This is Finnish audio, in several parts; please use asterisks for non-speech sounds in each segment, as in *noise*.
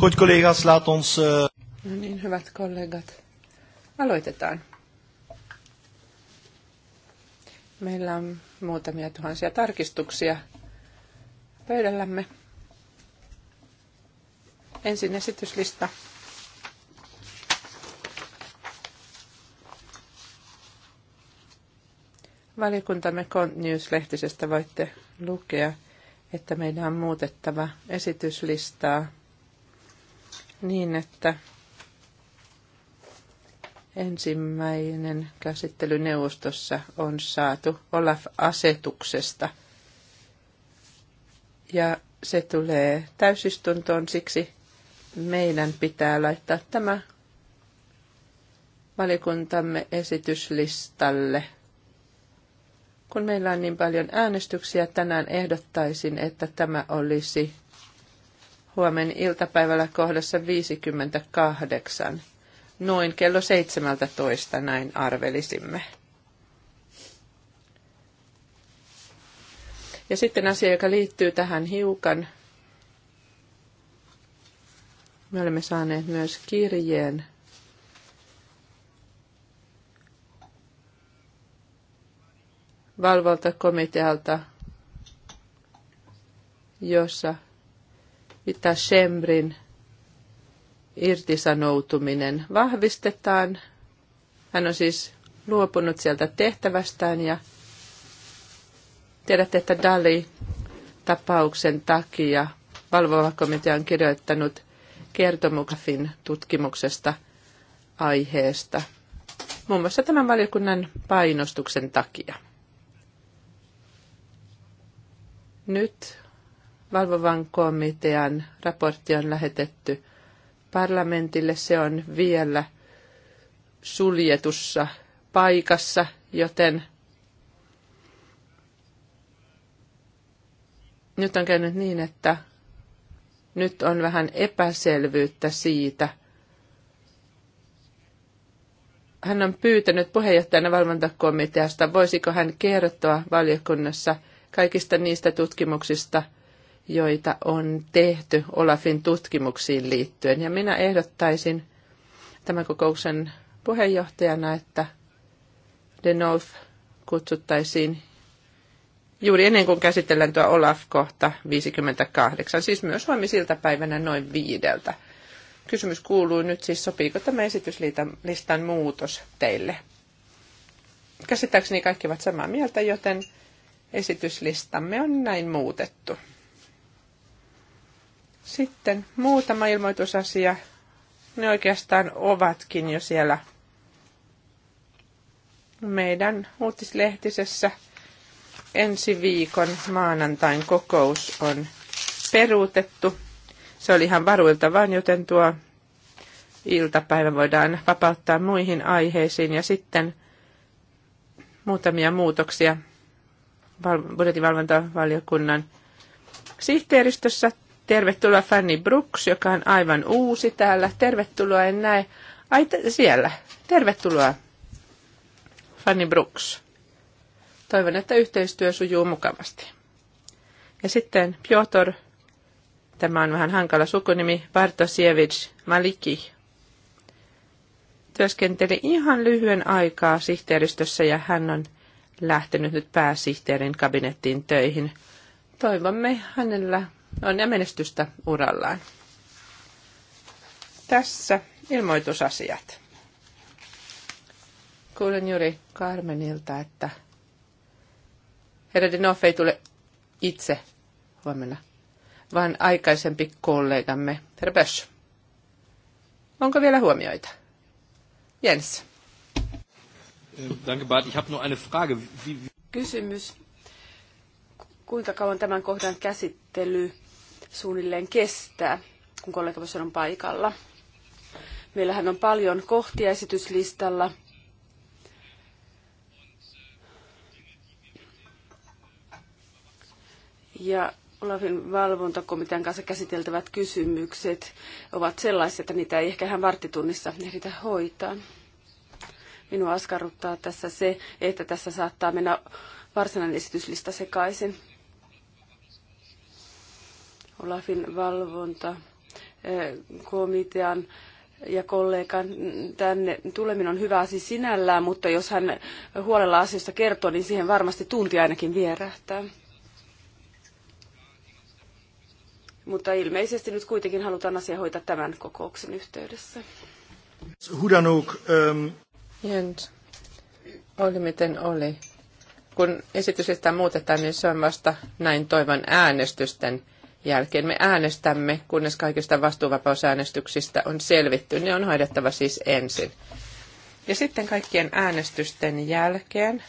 Goed collega's, laat ons... Uh... niin, hyvät kollegat. Aloitetaan. Meillä on muutamia tuhansia tarkistuksia pöydällämme. Ensin esityslista. Valiokuntamme News-lehtisestä voitte lukea, että meidän on muutettava esityslistaa – niin, että ensimmäinen käsittely neuvostossa on saatu Olaf-asetuksesta. Ja se tulee täysistuntoon, siksi meidän pitää laittaa tämä valikuntamme esityslistalle. Kun meillä on niin paljon äänestyksiä tänään, ehdottaisin, että tämä olisi huomen iltapäivällä kohdassa 58, noin kello 17 näin arvelisimme. Ja sitten asia, joka liittyy tähän hiukan. Me olemme saaneet myös kirjeen valvontakomitealta, jossa Ita Shemrin irtisanoutuminen vahvistetaan. Hän on siis luopunut sieltä tehtävästään ja tiedätte, että Dali-tapauksen takia valvova komitea on kirjoittanut kertomuksen tutkimuksesta aiheesta, muun muassa tämän valiokunnan painostuksen takia. Nyt Valvovan komitean raportti on lähetetty parlamentille. Se on vielä suljetussa paikassa, joten nyt on käynyt niin, että nyt on vähän epäselvyyttä siitä. Hän on pyytänyt puheenjohtajana valvontakomiteasta, voisiko hän kertoa valiokunnassa kaikista niistä tutkimuksista – joita on tehty Olafin tutkimuksiin liittyen. Ja minä ehdottaisin tämän kokouksen puheenjohtajana, että North kutsuttaisiin juuri ennen kuin käsitellään tuo Olaf-kohta 58, siis myös huomisiltapäivänä noin viideltä. Kysymys kuuluu nyt siis, sopiiko tämä esityslistan muutos teille? Käsittääkseni kaikki ovat samaa mieltä, joten esityslistamme on näin muutettu. Sitten muutama ilmoitusasia. Ne oikeastaan ovatkin jo siellä meidän uutislehtisessä. Ensi viikon maanantain kokous on peruutettu. Se oli ihan varuilta vaan, joten tuo iltapäivä voidaan vapauttaa muihin aiheisiin ja sitten muutamia muutoksia budjetivalvontavaliokunnan sihteeristössä Tervetuloa Fanny Brooks, joka on aivan uusi täällä. Tervetuloa, en näe. Ai, t- siellä. Tervetuloa, Fanny Brooks. Toivon, että yhteistyö sujuu mukavasti. Ja sitten Piotr, tämä on vähän hankala sukunimi, Bartosiewicz Maliki. Työskenteli ihan lyhyen aikaa sihteeristössä ja hän on lähtenyt nyt pääsihteerin kabinettiin töihin. Toivomme hänellä onnea menestystä urallaan. Tässä ilmoitusasiat. Kuulin juuri Carmenilta, että herra Dinoff ei tule itse huomenna, vaan aikaisempi kollegamme, herra Bösch. Onko vielä huomioita? Jens. Danke, Bart. Ich habe nur eine Frage. Kysymys kuinka kauan tämän kohdan käsittely suunnilleen kestää, kun kollega on paikalla. Meillähän on paljon kohtia esityslistalla. Ja Olafin valvontakomitean kanssa käsiteltävät kysymykset ovat sellaisia, että niitä ei ehkä ihan varttitunnissa ehditä hoitaa. Minua askarruttaa tässä se, että tässä saattaa mennä varsinainen esityslista sekaisin. Olafin valvonta eh, komitean ja kollegan tänne tuleminen on hyvä asia sinällään, mutta jos hän huolella asioista kertoo, niin siihen varmasti tunti ainakin vierähtää. Mutta ilmeisesti nyt kuitenkin halutaan asia hoitaa tämän kokouksen yhteydessä. Hudanuk, Um... Jens, oli miten oli. Kun sitä muutetaan, niin se on vasta näin toivon äänestysten jälkeen. Me äänestämme, kunnes kaikista vastuuvapausäänestyksistä on selvitty. Ne on hoidettava siis ensin. Ja sitten kaikkien äänestysten jälkeen.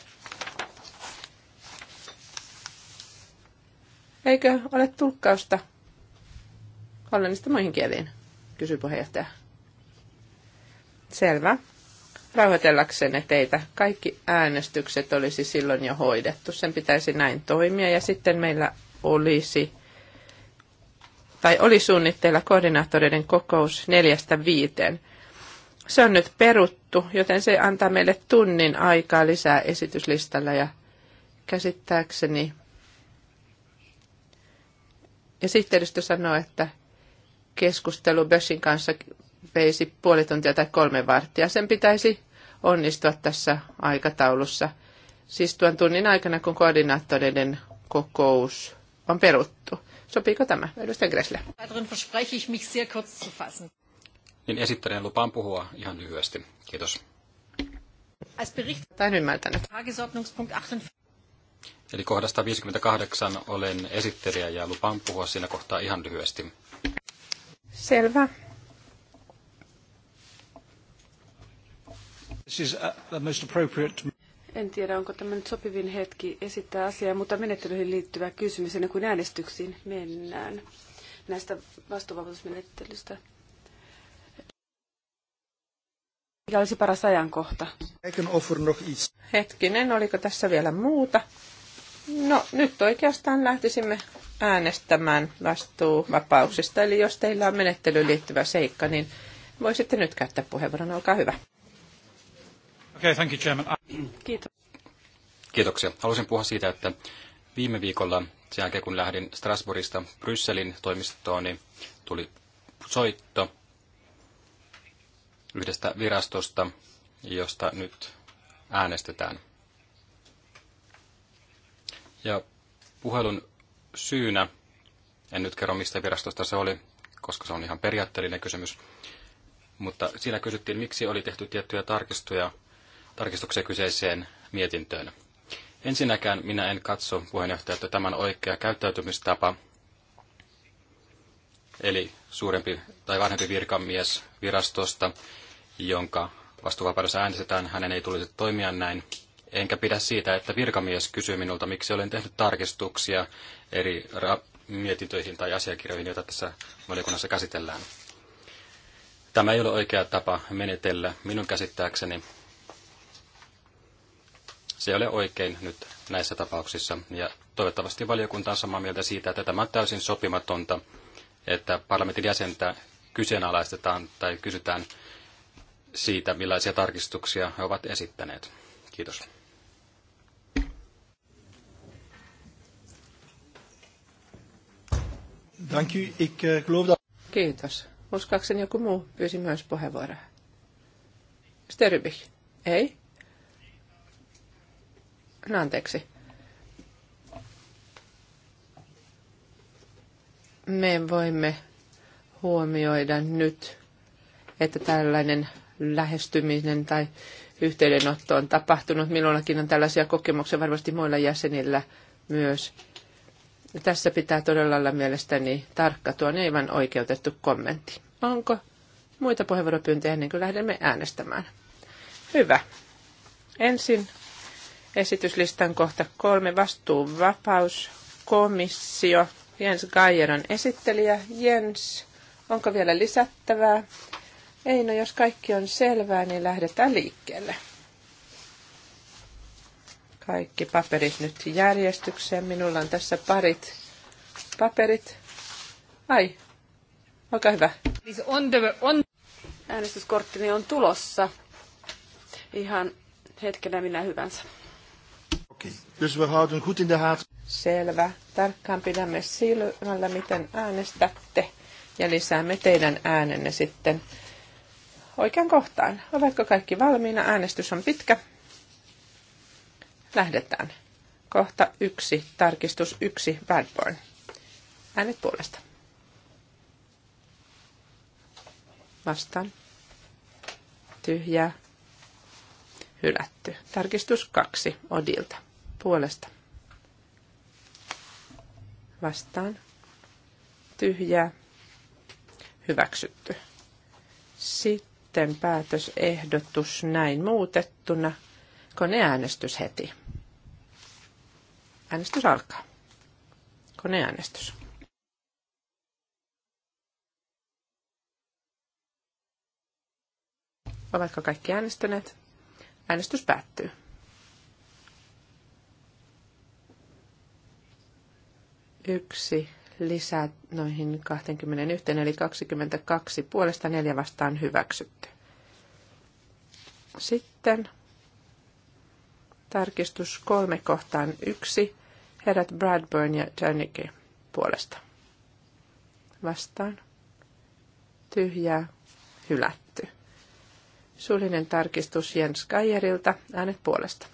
Eikö ole tulkkausta hollannista muihin kieliin? Kysyi puheenjohtaja. Selvä. Rauhoitellaksenne teitä. Kaikki äänestykset olisi silloin jo hoidettu. Sen pitäisi näin toimia. Ja sitten meillä olisi tai oli suunnitteilla koordinaattoreiden kokous neljästä viiteen. Se on nyt peruttu, joten se antaa meille tunnin aikaa lisää esityslistalla ja käsittääkseni. Ja sihteeristö sanoo, että keskustelu Bössin kanssa veisi puoli tuntia tai kolme varttia. Sen pitäisi onnistua tässä aikataulussa. Siis tuon tunnin aikana, kun koordinaattoreiden kokous on peruttu. Sopiiko tämä? Edustaja Gressle. Niin esittäneen lupaan puhua ihan lyhyesti. Kiitos. Tain ymmärtänyt. Eli kohdasta 58 olen esittelijä ja lupaan puhua siinä kohtaa ihan lyhyesti. Selvä. This is, uh, the most appropriate... En tiedä, onko tämä nyt sopivin hetki esittää asiaa, mutta menettelyihin liittyvä kysymys ennen kuin äänestyksiin mennään näistä vastuuvapautusmenettelystä. Mikä olisi paras ajankohta? Hetkinen, oliko tässä vielä muuta? No nyt oikeastaan lähtisimme äänestämään vastuuvapauksista, eli jos teillä on menettelyyn liittyvä seikka, niin voisitte nyt käyttää puheenvuoron, olkaa hyvä. Okay, thank you, Chairman. Kiitos. Kiitoksia. Haluaisin puhua siitä, että viime viikolla, sen jälkeen kun lähdin Strasbourgista Brysselin toimistoon, niin tuli soitto yhdestä virastosta, josta nyt äänestetään. Ja puhelun syynä, en nyt kerro mistä virastosta se oli, koska se on ihan periaatteellinen kysymys, mutta siinä kysyttiin, miksi oli tehty tiettyjä tarkistuja tarkistuksia kyseiseen mietintöön. Ensinnäkään minä en katso puheenjohtaja, että tämän oikea käyttäytymistapa, eli suurempi tai vanhempi virkamies virastosta, jonka vastuuvapaudessa äänestetään, hänen ei tulisi toimia näin. Enkä pidä siitä, että virkamies kysyy minulta, miksi olen tehnyt tarkistuksia eri mietintöihin tai asiakirjoihin, joita tässä valiokunnassa käsitellään. Tämä ei ole oikea tapa menetellä minun käsittääkseni, se ei ole oikein nyt näissä tapauksissa, ja toivottavasti valiokunta on samaa mieltä siitä, että tämä on täysin sopimatonta, että parlamentin jäsentä kyseenalaistetaan tai kysytään siitä, millaisia tarkistuksia he ovat esittäneet. Kiitos. Eh, Kiitos. Uskaakseni joku muu pyysi myös puheenvuoroa. Sterbik. Ei? No anteeksi. Me voimme huomioida nyt, että tällainen lähestyminen tai yhteydenotto on tapahtunut. Minullakin on tällaisia kokemuksia varmasti muilla jäsenillä myös. Tässä pitää todella olla mielestäni tarkka tuon aivan oikeutettu kommentti. Onko muita puheenvuoropyyntöjä ennen kuin lähdemme äänestämään? Hyvä. Ensin Esityslistan kohta kolme vastuuvapaus komissio, Jens Geier on esittelijä. Jens, onko vielä lisättävää? Ei, no jos kaikki on selvää, niin lähdetään liikkeelle. Kaikki paperit nyt järjestykseen. Minulla on tässä parit paperit. Ai, olkaa hyvä. On, on. Äänestyskorttini on tulossa. Ihan hetkenä minä hyvänsä. Okei. Dus we houden goed in de haat. Selvä. Tarkkaan pidämme silmällä, miten äänestätte. Ja lisäämme teidän äänenne sitten oikean kohtaan. Ovatko kaikki valmiina? Äänestys on pitkä. Lähdetään. Kohta yksi, tarkistus yksi, Badborn. Äänet puolesta. Vastaan. Tyhjää. Hylätty. Tarkistus kaksi, Odilta puolesta. Vastaan. Tyhjää. Hyväksytty. Sitten päätösehdotus näin muutettuna. Koneäänestys heti. Äänestys alkaa. Koneäänestys. Ovatko kaikki äänestäneet? Äänestys päättyy. yksi lisää noihin 21, eli 22 puolesta neljä vastaan hyväksytty. Sitten tarkistus kolme kohtaan yksi, herrat Bradburn ja Jernicke puolesta. Vastaan. Tyhjää. Hylätty. Suullinen tarkistus Jens Kajerilta. Äänet puolesta.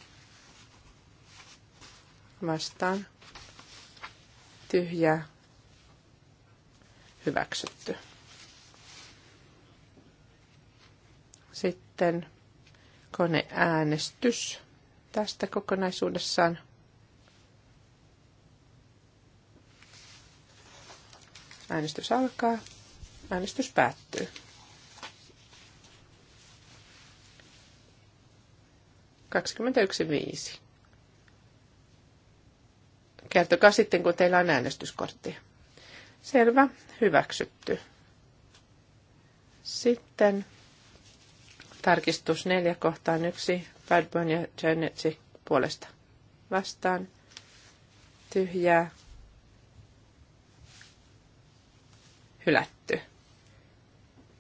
Vastaan tyhjää hyväksytty. Sitten koneäänestys tästä kokonaisuudessaan. Äänestys alkaa. Äänestys päättyy. viisi. Kertokaa sitten, kun teillä on äänestyskortti. Selvä, hyväksytty. Sitten tarkistus neljä kohtaan yksi. Badburn ja Janetsi puolesta vastaan. Tyhjää. Hylätty.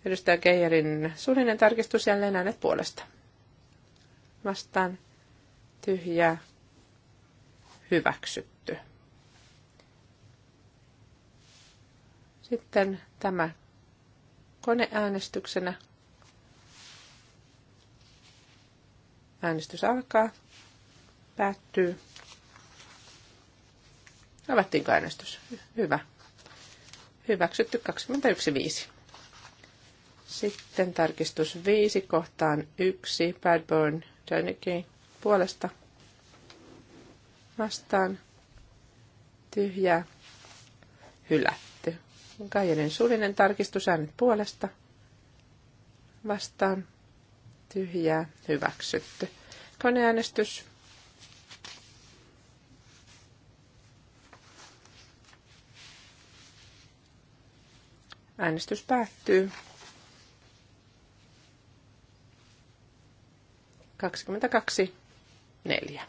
Edustaja keijerin suullinen tarkistus jälleen äänet puolesta. Vastaan. Tyhjää hyväksytty. Sitten tämä koneäänestyksenä. Äänestys alkaa, päättyy. Avattiinko äänestys? Hyvä. Hyväksytty 21.5. Sitten tarkistus 5 kohtaan 1. Badburn Jönnikin puolesta vastaan tyhjää hylätty. Kaijanen suullinen tarkistus äänet puolesta vastaan tyhjää hyväksytty. Koneäänestys Äänestys päättyy. 22, 4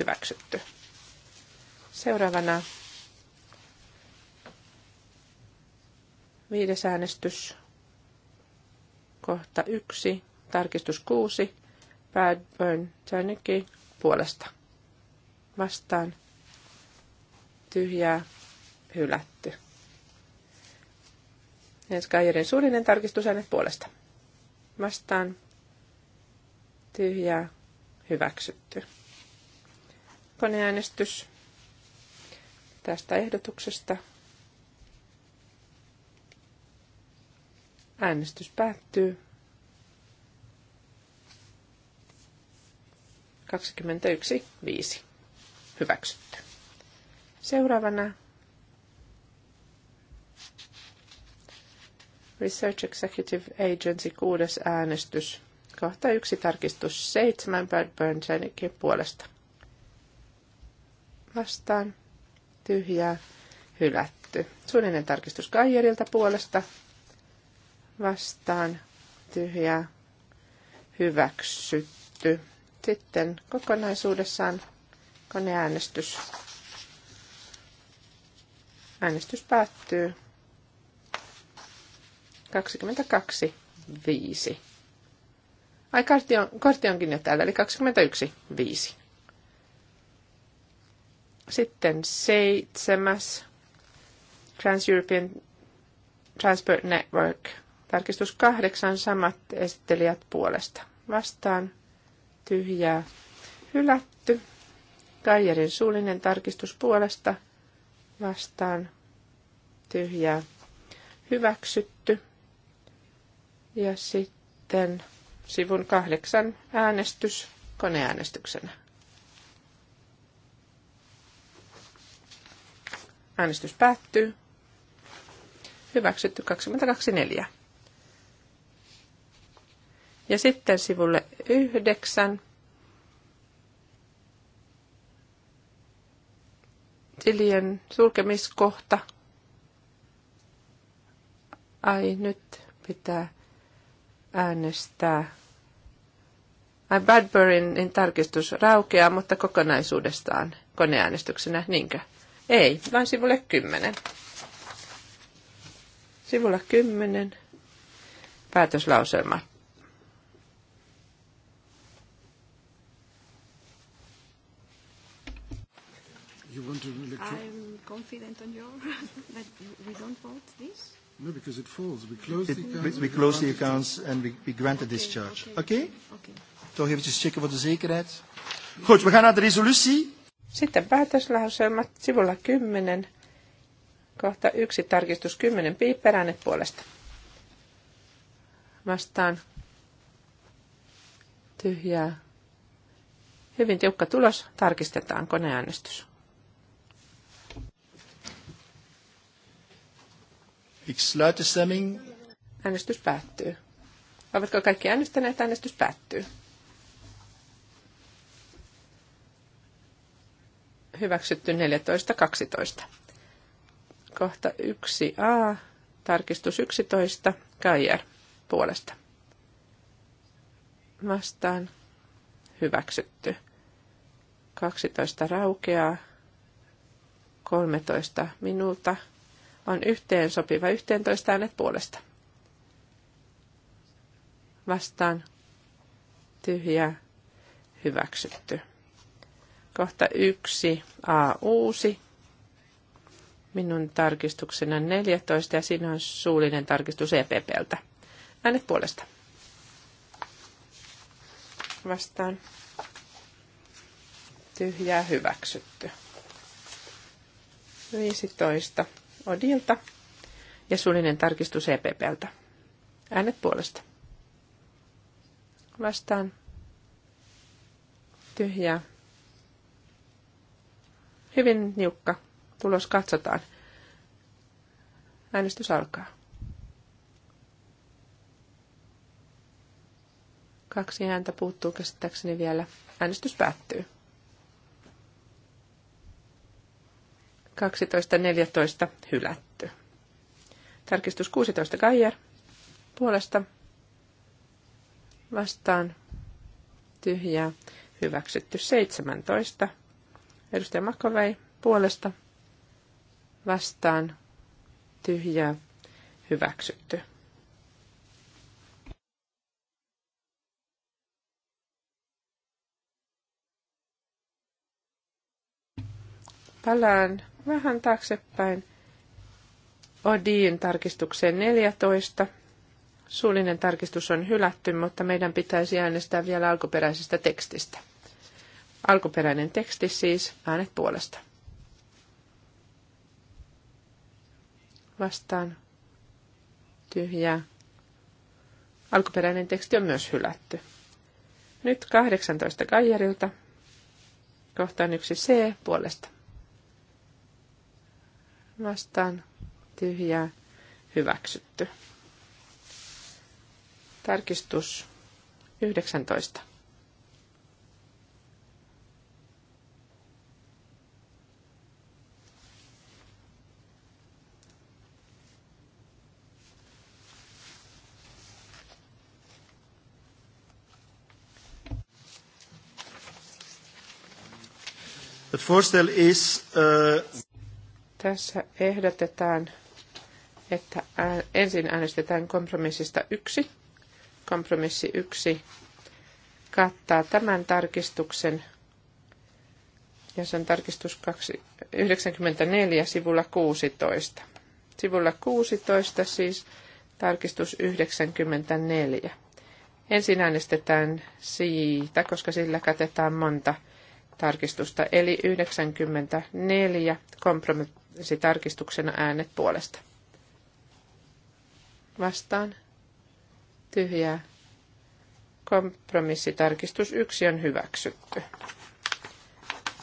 hyväksytty. Seuraavana viides äänestys, kohta yksi, tarkistus kuusi, Bradburn Turniki puolesta. Vastaan tyhjää hylätty. Enskajerin suullinen tarkistus äänet puolesta. Vastaan tyhjää hyväksytty koneäänestys tästä ehdotuksesta. Äänestys päättyy. 21.5. Hyväksytty. Seuraavana Research Executive Agency kuudes äänestys. Kohta yksi tarkistus seitsemän Brad puolesta vastaan tyhjää hylätty. Suullinen tarkistus Kaijerilta puolesta vastaan tyhjää hyväksytty. Sitten kokonaisuudessaan koneäänestys. Äänestys päättyy 22.5. Ai, kartti, on, kortti onkin jo täällä, eli 21.5. Sitten seitsemäs Trans-European Transport Network. Tarkistus kahdeksan samat esittelijät puolesta. Vastaan tyhjää hylätty. Kaijerin suullinen tarkistus puolesta vastaan tyhjää hyväksytty. Ja sitten sivun kahdeksan äänestys koneäänestyksenä. Äänestys päättyy. Hyväksytty 22.4. Ja sitten sivulle 9. Tilien sulkemiskohta. Ai nyt pitää äänestää. Ai Badburyn tarkistus raukeaa, mutta kokonaisuudestaan koneäänestyksenä, niinkö? Ei, vaan sivulle 10. Sivulla 10. Päätöslauselma. You want to I'm confident on your *laughs* that we don't vote this. No, because it falls. We close it, the accounts. We, we close the accounts it. and we, we grant okay, a discharge. Oké? Okay, okay. okay. okay. Toch eventjes checken voor de zekerheid. Goed, we gaan naar de resolutie. Sitten päätöslauselmat sivulla 10, kohta 1, tarkistus 10, piipperäänet puolesta. Vastaan tyhjää. Hyvin tiukka tulos, tarkistetaan koneäänestys. Äänestys päättyy. Ovatko kaikki äänestäneet? Äänestys päättyy. hyväksytty 14.12. Kohta 1a, tarkistus 11, Kajer puolesta. Vastaan hyväksytty. 12 raukeaa, 13 minulta on yhteen sopiva 11 äänet puolesta. Vastaan tyhjä hyväksytty. Kohta yksi A uusi. Minun tarkistuksena 14 ja siinä on suullinen tarkistus EPPltä. Äänet puolesta. Vastaan. Tyhjää hyväksytty. 15 Odilta ja suullinen tarkistus EPPltä. Äänet puolesta. Vastaan. Tyhjää Hyvin niukka. Tulos katsotaan. Äänestys alkaa. Kaksi ääntä puuttuu käsittääkseni vielä. Äänestys päättyy. 12.14 hylätty. Tarkistus 16 Gaier puolesta vastaan tyhjää hyväksytty 17 Edustaja Makovei puolesta vastaan tyhjää hyväksytty. Palaan vähän taaksepäin odin tarkistukseen 14. Suullinen tarkistus on hylätty, mutta meidän pitäisi äänestää vielä alkuperäisestä tekstistä. Alkuperäinen teksti siis, äänet puolesta. Vastaan. tyhjä. Alkuperäinen teksti on myös hylätty. Nyt 18 Kaijarilta. Kohtaan yksi C puolesta. Vastaan. tyhjä. Hyväksytty. Tarkistus 19 Het voorstel is... Uh... Tässä ehdotetaan, että ensin äänestetään kompromissista yksi. Kompromissi yksi kattaa tämän tarkistuksen, ja se on tarkistus 94 sivulla 16. Sivulla 16 siis tarkistus 94. Ensin äänestetään siitä, koska sillä katetaan monta tarkistusta, eli 94 kompromissitarkistuksena äänet puolesta. Vastaan. Tyhjää. Kompromissitarkistus 1 on hyväksytty.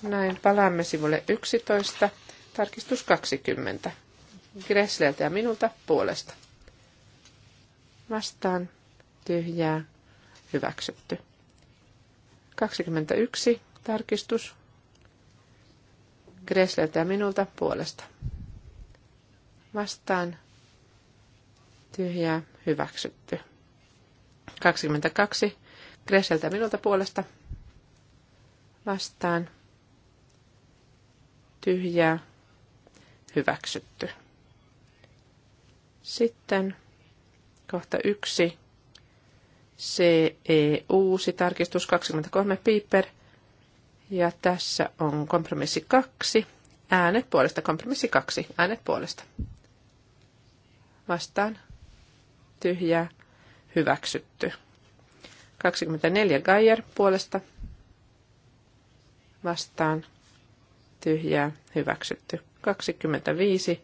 Näin palaamme sivulle 11, tarkistus 20. Gressleltä ja minulta puolesta. Vastaan. Tyhjää. Hyväksytty. 21 Tarkistus. Gresleltä minulta puolesta. Vastaan. Tyhjää. Hyväksytty. 22. Gresleltä minulta puolesta. Vastaan. Tyhjää. Hyväksytty. Sitten kohta yksi. CE uusi tarkistus 23 Piper ja tässä on kompromissi kaksi. Äänet puolesta. Kompromissi kaksi. Äänet puolesta. Vastaan. Tyhjää. Hyväksytty. 24 Geier puolesta. Vastaan. Tyhjää. Hyväksytty. 25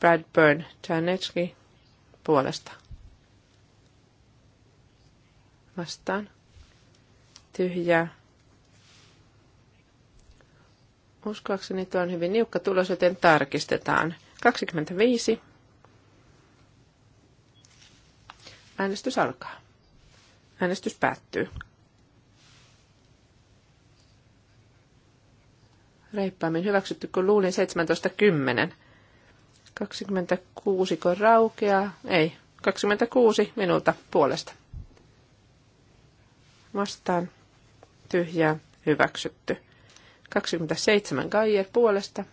Bradburn Janetski puolesta. Vastaan. Tyhjää. Uskoakseni tuo on hyvin niukka tulos, joten tarkistetaan. 25. Äänestys alkaa. Äänestys päättyy. Reippaammin hyväksytty, kun luulin 17.10. 26 kun raukeaa. Ei, 26 minulta puolesta. Vastaan tyhjää hyväksytty. 27 Gaier puolesta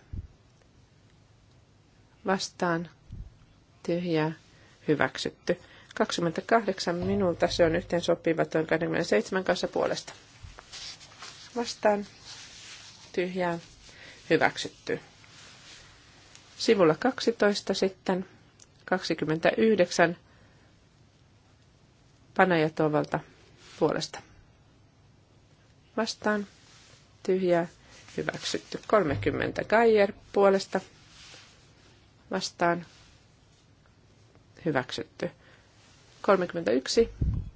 vastaan tyhjää hyväksytty. 28 minulta se on yhteen sopiva tuon 27 kanssa puolesta. Vastaan tyhjää hyväksytty. Sivulla 12 sitten 29 Panajatovalta puolesta. Vastaan tyhjää hyväksytty. 30 Gaier puolesta vastaan hyväksytty. 31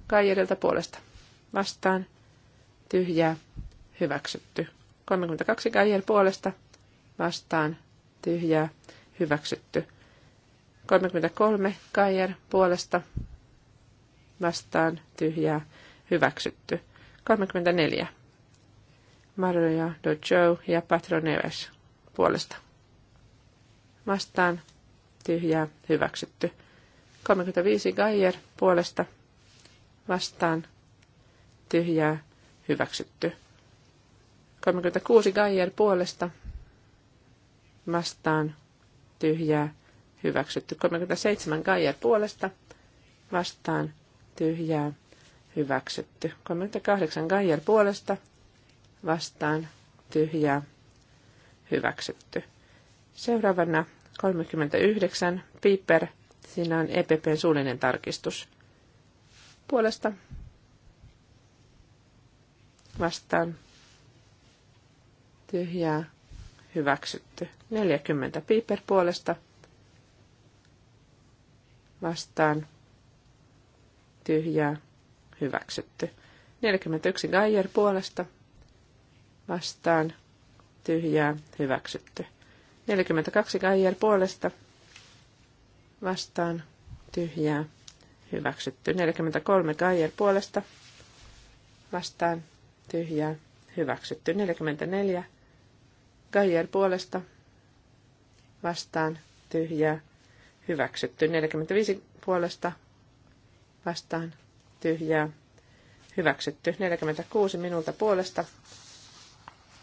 Gaijerilta puolesta vastaan tyhjää hyväksytty. 32 Gaier puolesta vastaan tyhjää hyväksytty. 33 Gaier puolesta vastaan tyhjää hyväksytty. 34 Maria Dojo ja Patroneves puolesta. Vastaan tyhjää hyväksytty. 35 Gaier puolesta vastaan tyhjää hyväksytty. 36 Gaier puolesta vastaan tyhjää hyväksytty. 37 Gaier puolesta vastaan tyhjää hyväksytty. 38 Gaier puolesta vastaan tyhjää hyväksytty. Seuraavana 39 Piper, siinä on EPPn suullinen tarkistus. Puolesta vastaan tyhjää hyväksytty. 40 Piper puolesta vastaan tyhjää hyväksytty. 41 Geyer puolesta vastaan tyhjää hyväksytty. 42 Gaier puolesta vastaan tyhjää hyväksytty. 43 Gaier puolesta vastaan tyhjää hyväksytty. 44 Gaier puolesta vastaan tyhjää hyväksytty. 45 puolesta vastaan tyhjää hyväksytty. 46 minulta puolesta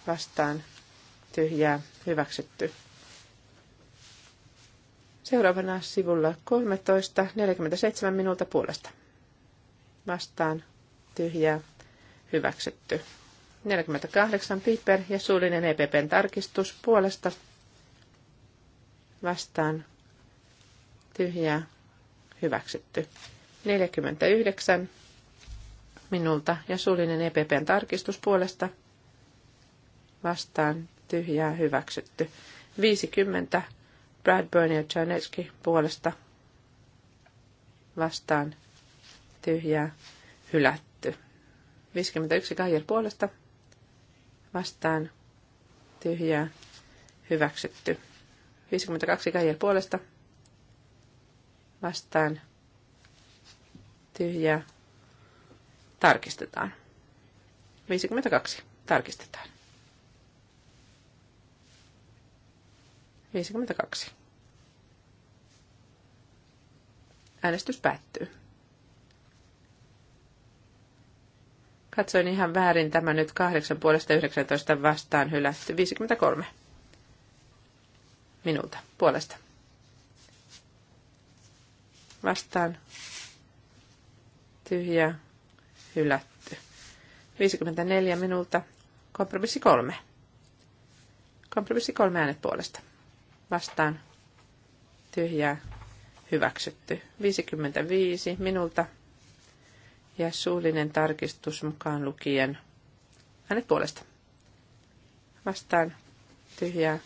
vastaan tyhjää hyväksytty. Seuraavana sivulla 13, 47 minulta puolesta. Vastaan tyhjää hyväksytty. 48 Piper ja suullinen EPPn tarkistus puolesta vastaan tyhjää hyväksytty. 49 minulta ja suullinen EPPn tarkistus puolesta vastaan tyhjää hyväksytty. 50 Bradburn ja Czarnecki puolesta vastaan tyhjää hylätty. 51 Kajer puolesta vastaan tyhjää hyväksytty. 52 Kajer puolesta vastaan tyhjää tarkistetaan. 52 tarkistetaan. 52. Äänestys päättyy. Katsoin ihan väärin tämä nyt 8 puolesta 19 vastaan hylätty. 53. Minulta puolesta. Vastaan. Tyhjä. Hylätty. 54 minulta. Kompromissi 3. Kompromissi 3 äänet puolesta vastaan tyhjää hyväksytty. 55 minulta ja suullinen tarkistus mukaan lukien äänet puolesta. Vastaan tyhjää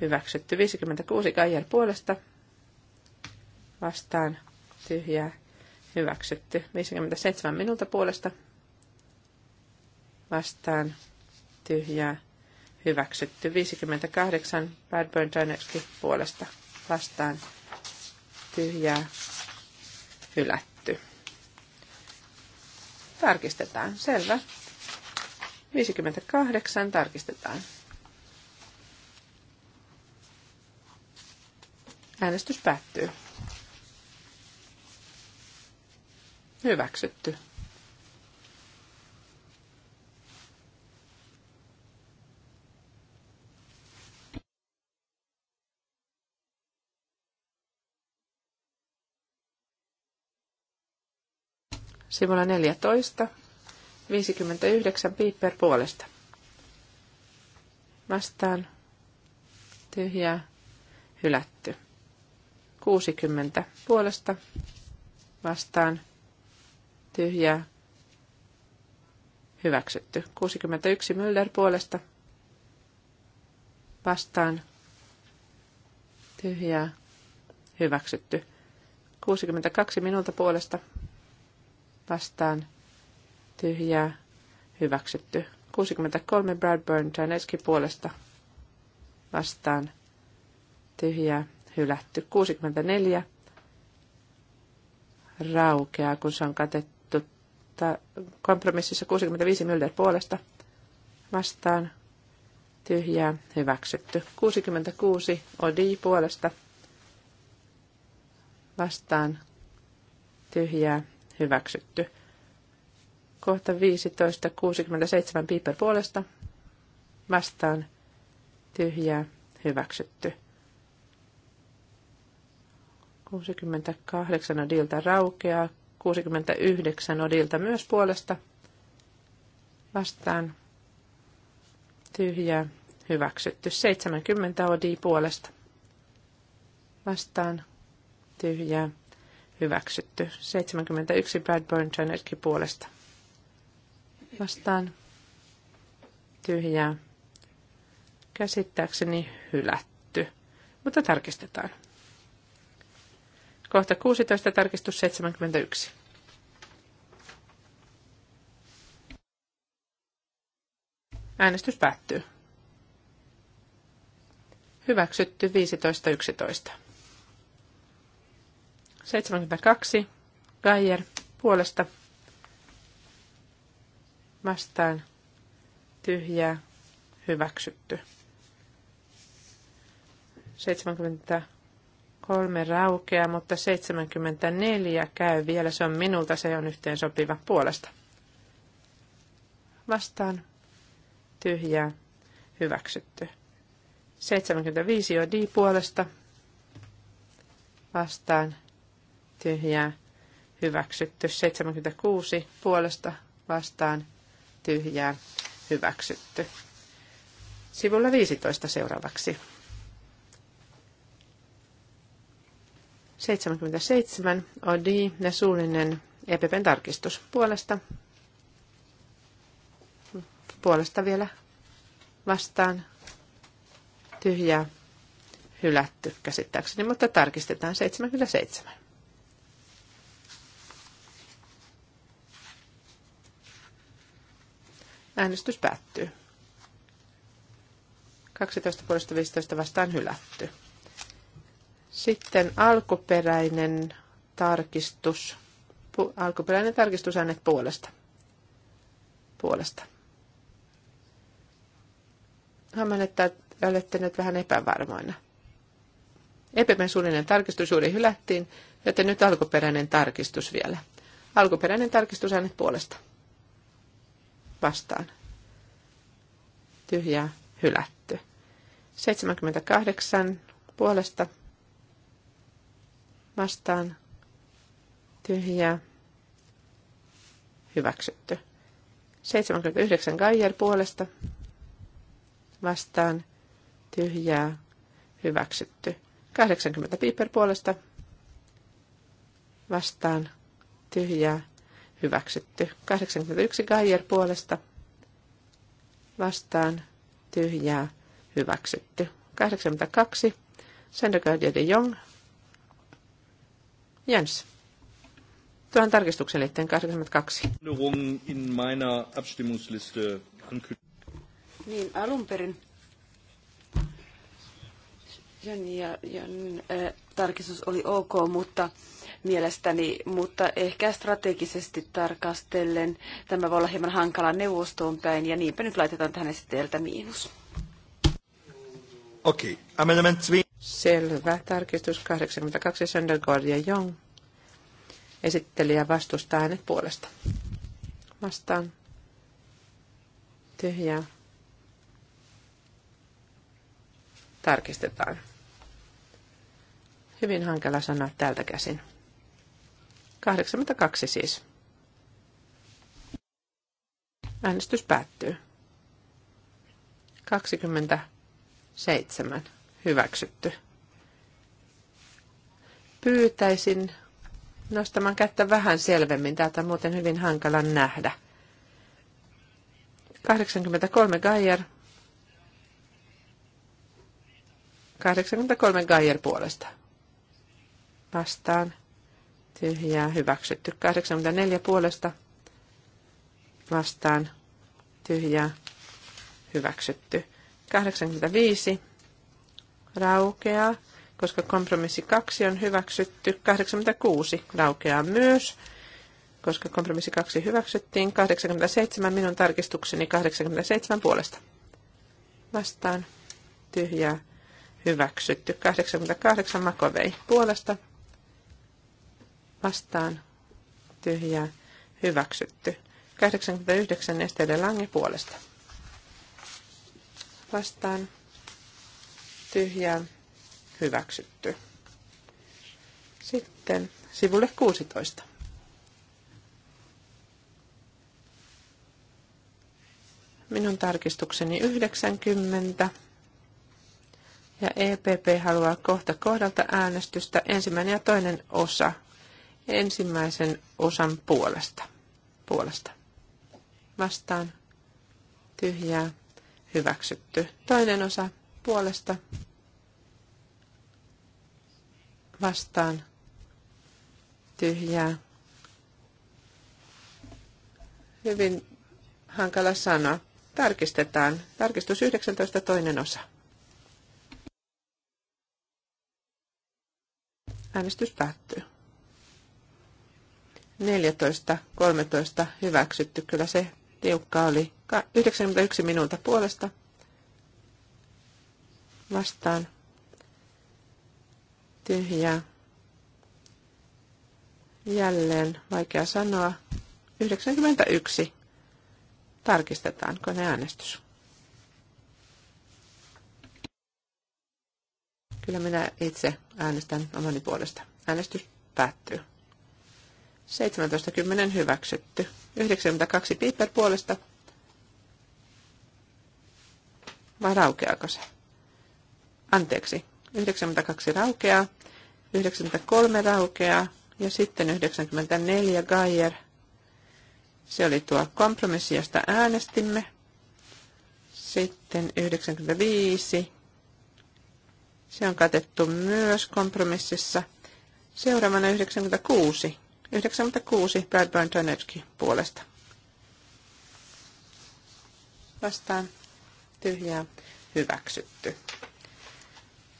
hyväksytty. 56 Kaijan puolesta vastaan tyhjää hyväksytty. 57 minulta puolesta vastaan tyhjää hyväksytty. 58 Bad Burn Dynetski puolesta vastaan tyhjää hylätty. Tarkistetaan, selvä. 58 tarkistetaan. Äänestys päättyy. Hyväksytty. sivulla 14, 59 piipper puolesta. Vastaan tyhjää hylätty. 60 puolesta vastaan tyhjää hyväksytty. 61 Müller puolesta vastaan tyhjää hyväksytty. 62 minulta puolesta vastaan tyhjää hyväksytty. 63 Bradburn Janeski puolesta vastaan tyhjää hylätty. 64 raukeaa, kun se on katettu kompromississa 65 Mylder puolesta vastaan tyhjää hyväksytty. 66 Odi puolesta vastaan tyhjää hyväksytty. Kohta 15.67 67 piiper puolesta vastaan tyhjää hyväksytty. 68 odilta raukeaa, 69 odilta myös puolesta vastaan tyhjää hyväksytty. 70 odi puolesta vastaan tyhjää hyväksytty. 71 Bradburn Jonerkin puolesta. Vastaan tyhjää. Käsittääkseni hylätty, mutta tarkistetaan. Kohta 16, tarkistus 71. Äänestys päättyy. Hyväksytty 15.11. 72. Geier puolesta vastaan tyhjää hyväksytty. 73 raukea, mutta 74 käy vielä. Se on minulta, se on yhteen sopiva puolesta. Vastaan tyhjää hyväksytty. 75 on D puolesta vastaan tyhjää, hyväksytty. 76 puolesta vastaan tyhjää, hyväksytty. Sivulla 15 seuraavaksi. 77 ODI ja suullinen EPPn tarkistus puolesta. Puolesta vielä vastaan tyhjää hylätty käsittääkseni, mutta tarkistetaan 77. Äänestys päättyy. 12 puolesta 15 vastaan hylätty. Sitten alkuperäinen tarkistus. Pu- alkuperäinen tarkistus äänet puolesta. Puolesta. Huomaan, että olette nyt vähän epävarmoina. Epimen suullinen tarkistus juuri hylättiin, joten nyt alkuperäinen tarkistus vielä. Alkuperäinen tarkistus äänet puolesta vastaan. Tyhjää hylätty. 78 puolesta vastaan. Tyhjää hyväksytty. 79 Gaier puolesta vastaan. Tyhjää hyväksytty. 80 Piper puolesta vastaan. Tyhjää hyväksytty. 81 Gaier puolesta vastaan tyhjää hyväksytty. 82 Sendergaard ja de Jong. Jens. Tuohon tarkistuksen liitteen 82. In niin, alun perin Jan ja, Jan, niin, äh, tarkistus oli ok, mutta äh, mielestäni, mutta ehkä strategisesti tarkastellen tämä voi olla hieman hankala neuvostoon päin, ja niinpä nyt laitetaan tähän esiteltä miinus. Okei, okay. amendment Selvä. Tarkistus 82, Söndergaard ja Jong. Esittelijä vastustaa äänet puolesta. Vastaan. Tyhjää. Tarkistetaan. Hyvin hankala sanoa täältä käsin. 82 siis. Äänestys päättyy. 27. Hyväksytty. Pyytäisin nostamaan kättä vähän selvemmin. Täältä on muuten hyvin hankala nähdä. 83 Gaier. 83 Gaier puolesta. Vastaan tyhjää hyväksytty. 84 puolesta vastaan tyhjää hyväksytty. 85 raukeaa, koska kompromissi 2 on hyväksytty. 86 raukeaa myös, koska kompromissi 2 hyväksyttiin. 87 minun tarkistukseni 87 puolesta vastaan tyhjää hyväksytty. 88 makovei puolesta vastaan tyhjää hyväksytty. 89 nesteiden lange puolesta. Vastaan tyhjää hyväksytty. Sitten sivulle 16. Minun tarkistukseni 90. Ja EPP haluaa kohta kohdalta äänestystä ensimmäinen ja toinen osa ensimmäisen osan puolesta. Puolesta. Vastaan. Tyhjää. Hyväksytty. Toinen osa puolesta. Vastaan. Tyhjää. Hyvin hankala sana. Tarkistetaan. Tarkistus 19. toinen osa. Äänestys päättyy. 14, 13 hyväksytty. Kyllä se tiukka oli. 91 minuuta puolesta vastaan. Tyhjää. Jälleen vaikea sanoa. 91. ne äänestys? Kyllä minä itse äänestän omani puolesta. Äänestys päättyy. 17.10 hyväksytty. 92 Piper puolesta. Vai raukeako se? Anteeksi. 92 raukeaa. 93 raukeaa. Ja sitten 94 Geier. Se oli tuo kompromissi, josta äänestimme. Sitten 95. Se on katettu myös kompromississa. Seuraavana 96. 96 Bradburn Tanerski puolesta. Vastaan tyhjää hyväksytty.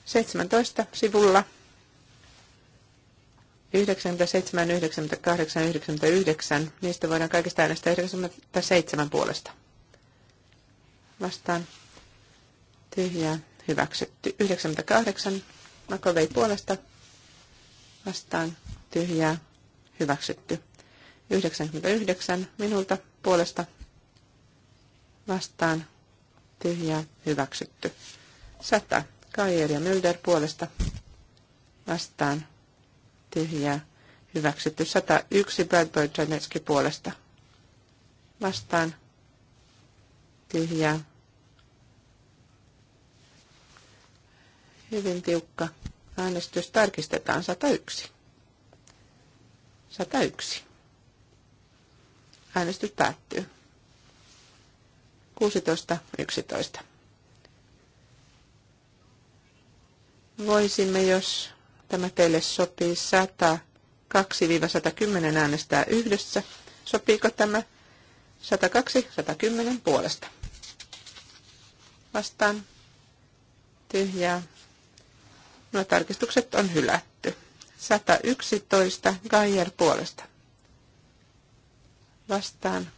17 sivulla 97, 98, 99. Niistä voidaan kaikista äänestää 97 puolesta. Vastaan tyhjää hyväksytty. 98 Makovei puolesta vastaan tyhjää hyväksytty. 99 minulta puolesta vastaan tyhjää hyväksytty. 100 Kajer ja Mylder puolesta vastaan tyhjää hyväksytty. 101 Bradbury Janetski puolesta vastaan tyhjää hyvin tiukka äänestys tarkistetaan 101. 101. Äänestys päättyy. 16.11. Voisimme, jos tämä teille sopii, 102-110 äänestää yhdessä. Sopiiko tämä 102-110 puolesta? Vastaan tyhjää. Nuo tarkistukset on hylätty. 111 Gaier puolesta. Vastaan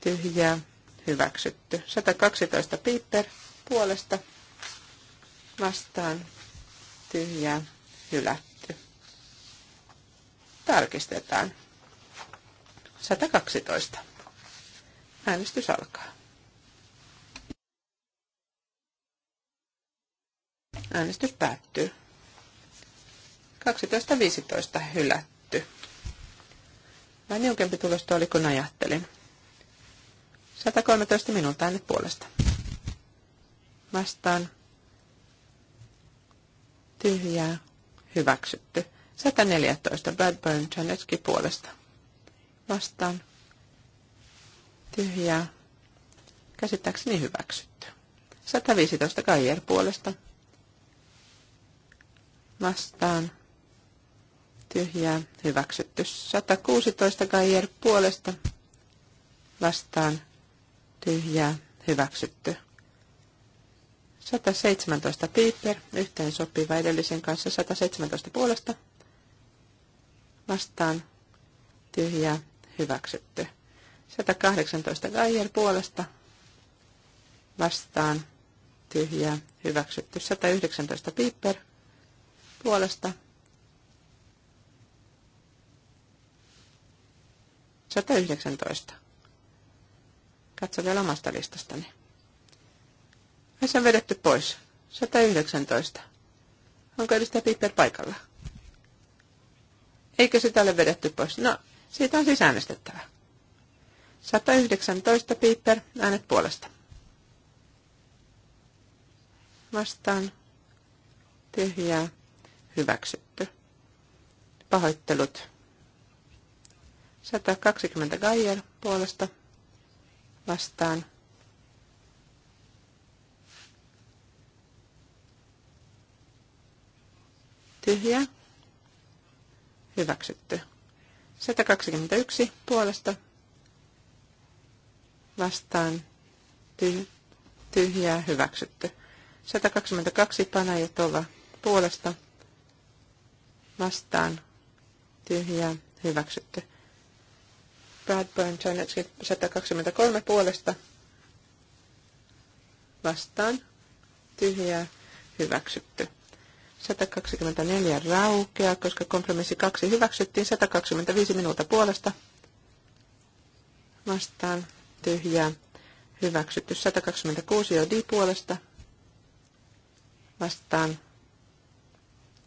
tyhjää hyväksytty. 112 Piper puolesta. Vastaan tyhjää hylätty. Tarkistetaan. 112. Äänestys alkaa. Äänestys päättyy. 12.15 hylätty. Vähän niukempi tulosta oli kuin ajattelin. 113 minulta äänet puolesta. Vastaan. Tyhjää. Hyväksytty. 114 Bradburn Janetski puolesta. Vastaan. Tyhjää. Käsittääkseni hyväksytty. 115 Kajer puolesta. Vastaan tyhjää hyväksytty. 116 Gaier puolesta vastaan tyhjää hyväksytty. 117 Piper yhteen sopiva edellisen kanssa 117 puolesta vastaan tyhjää hyväksytty. 118 Gaier puolesta vastaan tyhjää hyväksytty. 119 Piper puolesta 119. Katso vielä omasta listastani. Ai se on vedetty pois. 119. Onko edustaja Piper paikalla? Eikö sitä ole vedetty pois? No, siitä on siis äänestettävä. 119 Piper, äänet puolesta. Vastaan. Tyhjää. Hyväksytty. Pahoittelut. 120 Gaier puolesta vastaan. Tyhjä. Hyväksytty. 121 puolesta vastaan. Ty- tyhjää. Hyväksytty. 122 Panajotova puolesta vastaan. Tyhjää. Hyväksytty. Bradburn Janetskin 123 puolesta vastaan. Tyhjää hyväksytty. 124 raukea, koska kompromissi 2 hyväksyttiin. 125 minuuta puolesta vastaan. Tyhjää hyväksytty. 126 jo puolesta vastaan.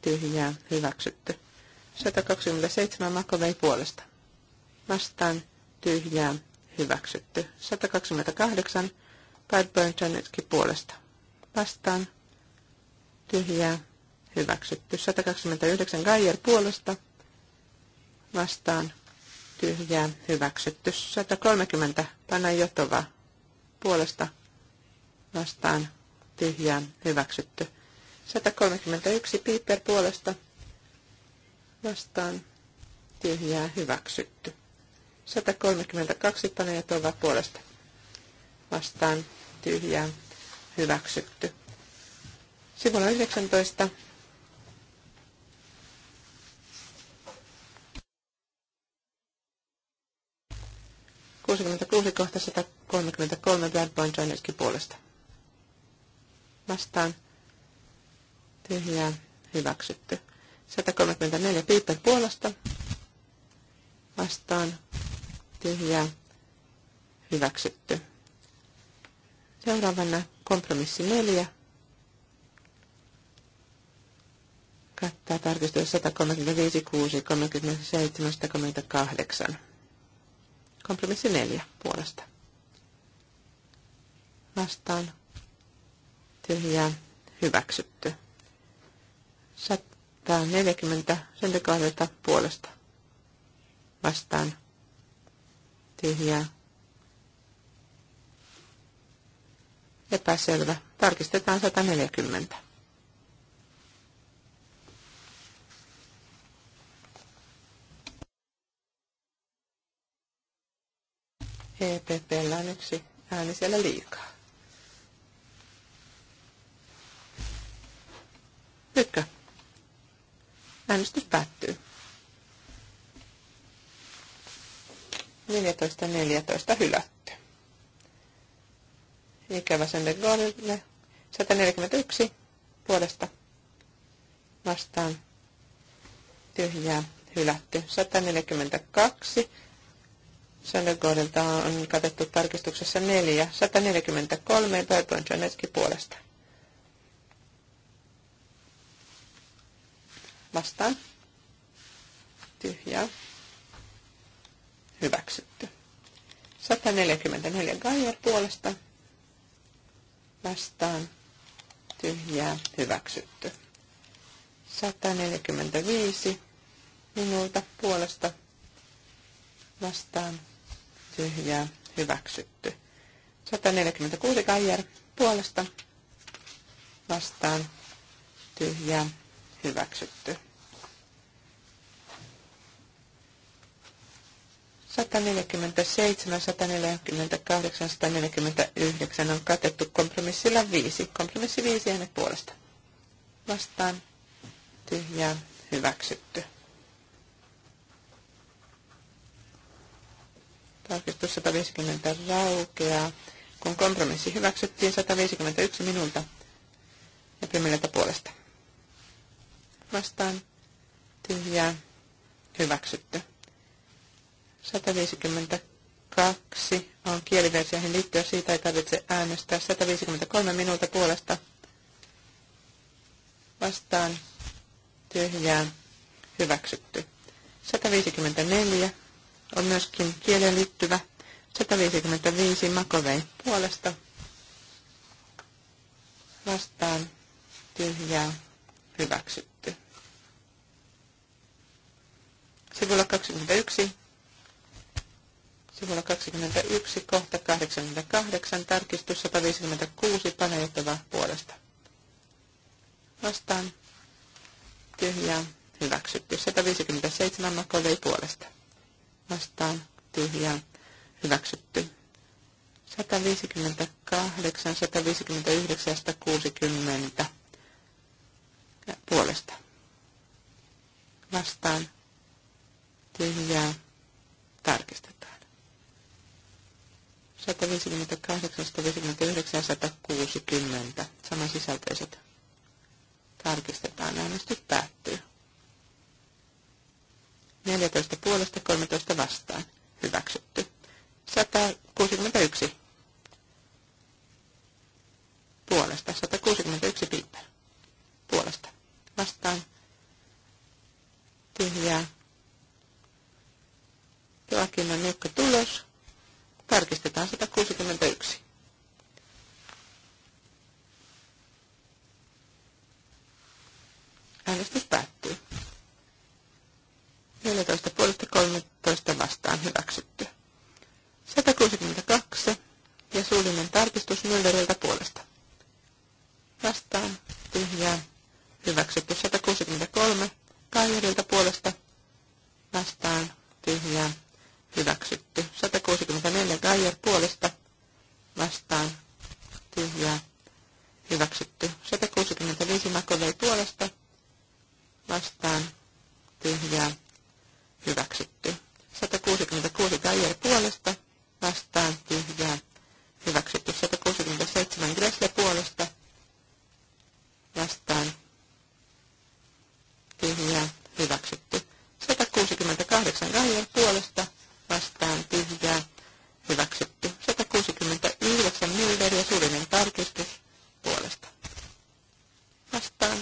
Tyhjää hyväksytty. 127 Makovei puolesta vastaan tyhjää hyväksytty. 128 Bradburn Janetski puolesta vastaan tyhjää hyväksytty. 129 Geier puolesta vastaan tyhjää hyväksytty. 130 Panajotova puolesta vastaan tyhjää hyväksytty. 131 Piper puolesta vastaan tyhjää hyväksytty. 132 paneet ovat puolesta vastaan tyhjää hyväksytty. Sivulla 19 kohta 133 Brad Bon Joinerskin puolesta. Vastaan tyhjää hyväksytty. 134 Piippen puolesta. Vastaan ja hyväksytty. Seuraavana kompromissi 4. Kattaa tarkistus 135, 6, 37, 38. Kompromissi 4 puolesta. Vastaan. Tyhjää. Hyväksytty. 140 sentikaalilta puolesta. Vastaan tyhjää. Epäselvä. Tarkistetaan 140. EPPllä on yksi ääni siellä liikaa. Nytkö? Äänestys päättyy. 14.14 hylätty. Ikävä sen de Gaulle, 141 puolesta vastaan tyhjää hylätty. 142 Söndergoodelta on katettu tarkistuksessa 4. 143 Bertrand Janetski puolesta. Vastaan. Tyhjää hyväksytty. 144 Gaier puolesta vastaan tyhjää hyväksytty. 145 minulta puolesta vastaan tyhjää hyväksytty. 146 Gaier puolesta vastaan tyhjää hyväksytty. 147, 148, 149 on katettu kompromissilla 5. Kompromissi 5 äänet puolesta. Vastaan tyhjää hyväksytty. Tarkistus 150 raukeaa. Kun kompromissi hyväksyttiin 151 minulta ja Primileltä puolesta. Vastaan tyhjää hyväksytty. 152 on kieliversioihin liittyä. siitä ei tarvitse äänestää. 153 minuuta puolesta vastaan tyhjää hyväksytty. 154 on myöskin kieleen liittyvä. 155 Makovei puolesta vastaan tyhjää hyväksytty. Sivulla 21 Sivulla 21, kohta 88, tarkistus 156, panejohtava puolesta. Vastaan. Tyhjää. Hyväksytty. 157, makolei puolesta. Vastaan. Tyhjää. Hyväksytty. 158, 159, 160 puolesta. Vastaan tyhjää tarkistetaan. 158, 159, 160. Samansisältöiset. Tarkistetaan. Äänestys päättyy. 14 puolesta, 13 vastaan. Hyväksytty. 161 puolesta. 161 piipper. Puolesta. Vastaan. Tyhjää. Joakin on niukka tulos. Tarkistetaan 161. Äänestys päättyy. 14 puolesta 13 vastaan hyväksytty. 162 ja suullinen tarkistus Mülleriltä puolesta. Vastaan tyhjää. Hyväksytty 163 Kaijerilta puolesta. Vastaan tyhjää hyväksytty. 164 Geier puolesta vastaan tyhjää hyväksytty. 165 Makovei puolesta vastaan tyhjää hyväksytty. 166 Geier puolesta vastaan tyhjää hyväksytty. 167 Gressle puolesta vastaan tyhjää hyväksytty. 168 Geier puolesta vastaan, vastaan tyhjää hyväksytty. 169 Mylder ja tarkistus puolesta. Vastaan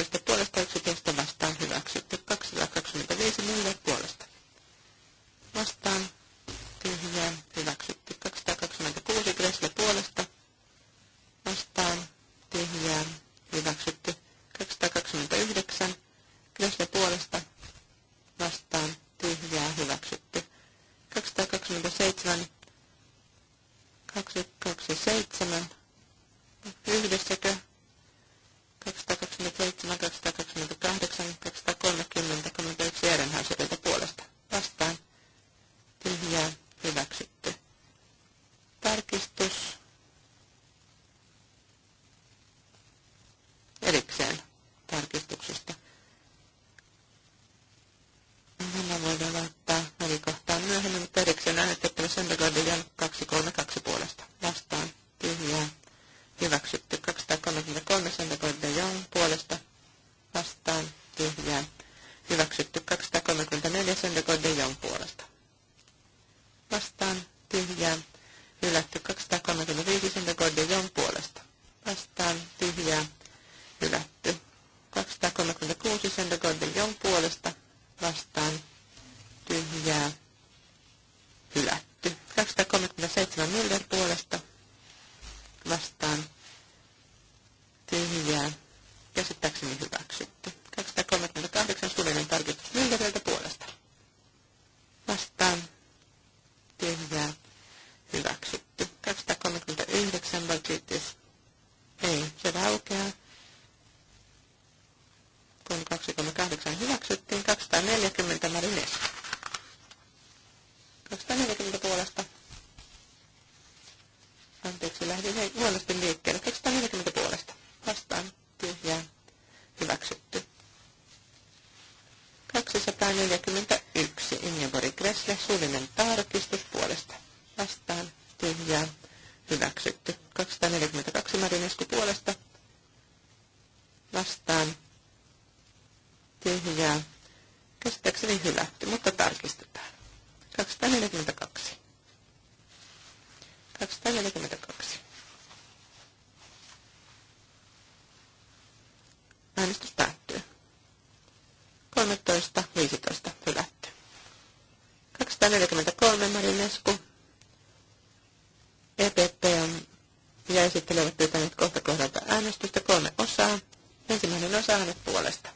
yksityistä 143 Marinesku. EPP on, ja esittelevät pyytäneet kohta kohdalta äänestystä kolme osaa. Ensimmäinen osa on puolesta.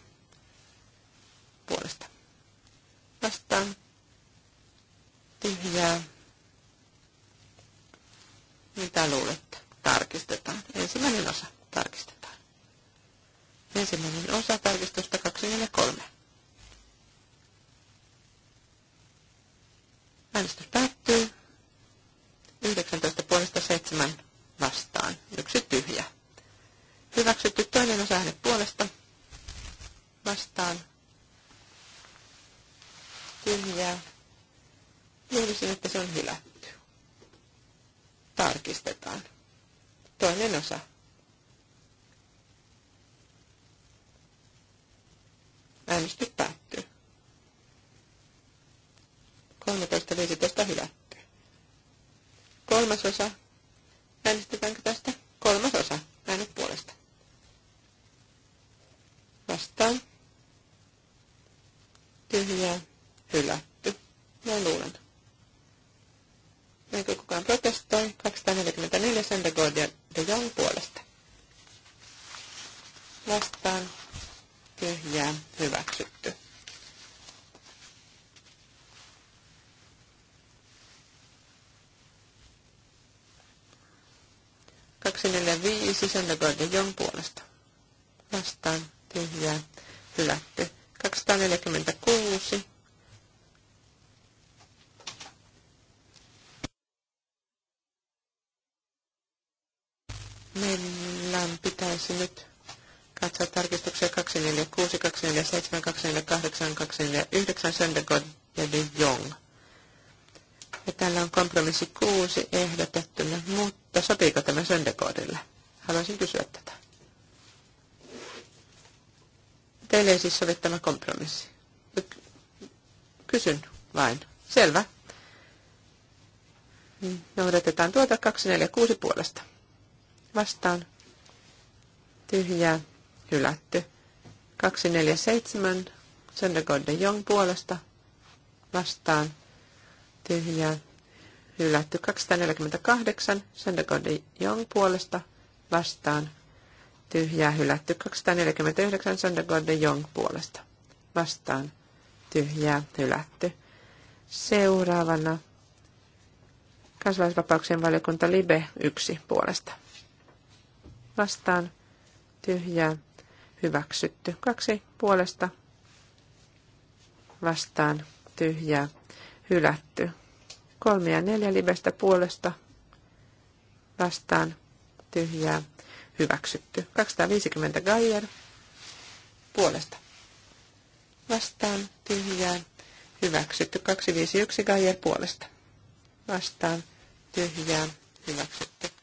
248, ja De Jong. Ja täällä on kompromissi 6 ehdotettuna, mutta sopiiko tämä Söndekodille? Haluaisin kysyä tätä. Teille ei siis sovi tämä kompromissi. Kysyn vain. Selvä. Noudatetaan tuota 246 puolesta. Vastaan. Tyhjää. Hylätty. 247 Söndergaard de Jong puolesta vastaan tyhjää hylätty 248 Söndergaard de Jong puolesta vastaan tyhjää hylätty 249 Söndergaard de Jong puolesta vastaan tyhjää hylätty. Seuraavana kansalaisvapauksien valiokunta Libe 1 puolesta vastaan tyhjää hyväksytty. Kaksi puolesta vastaan tyhjää hylätty. Kolme ja neljä livestä puolesta vastaan tyhjää hyväksytty. 250 Gaier puolesta vastaan tyhjää hyväksytty. 251 Gaier puolesta vastaan tyhjää hyväksytty.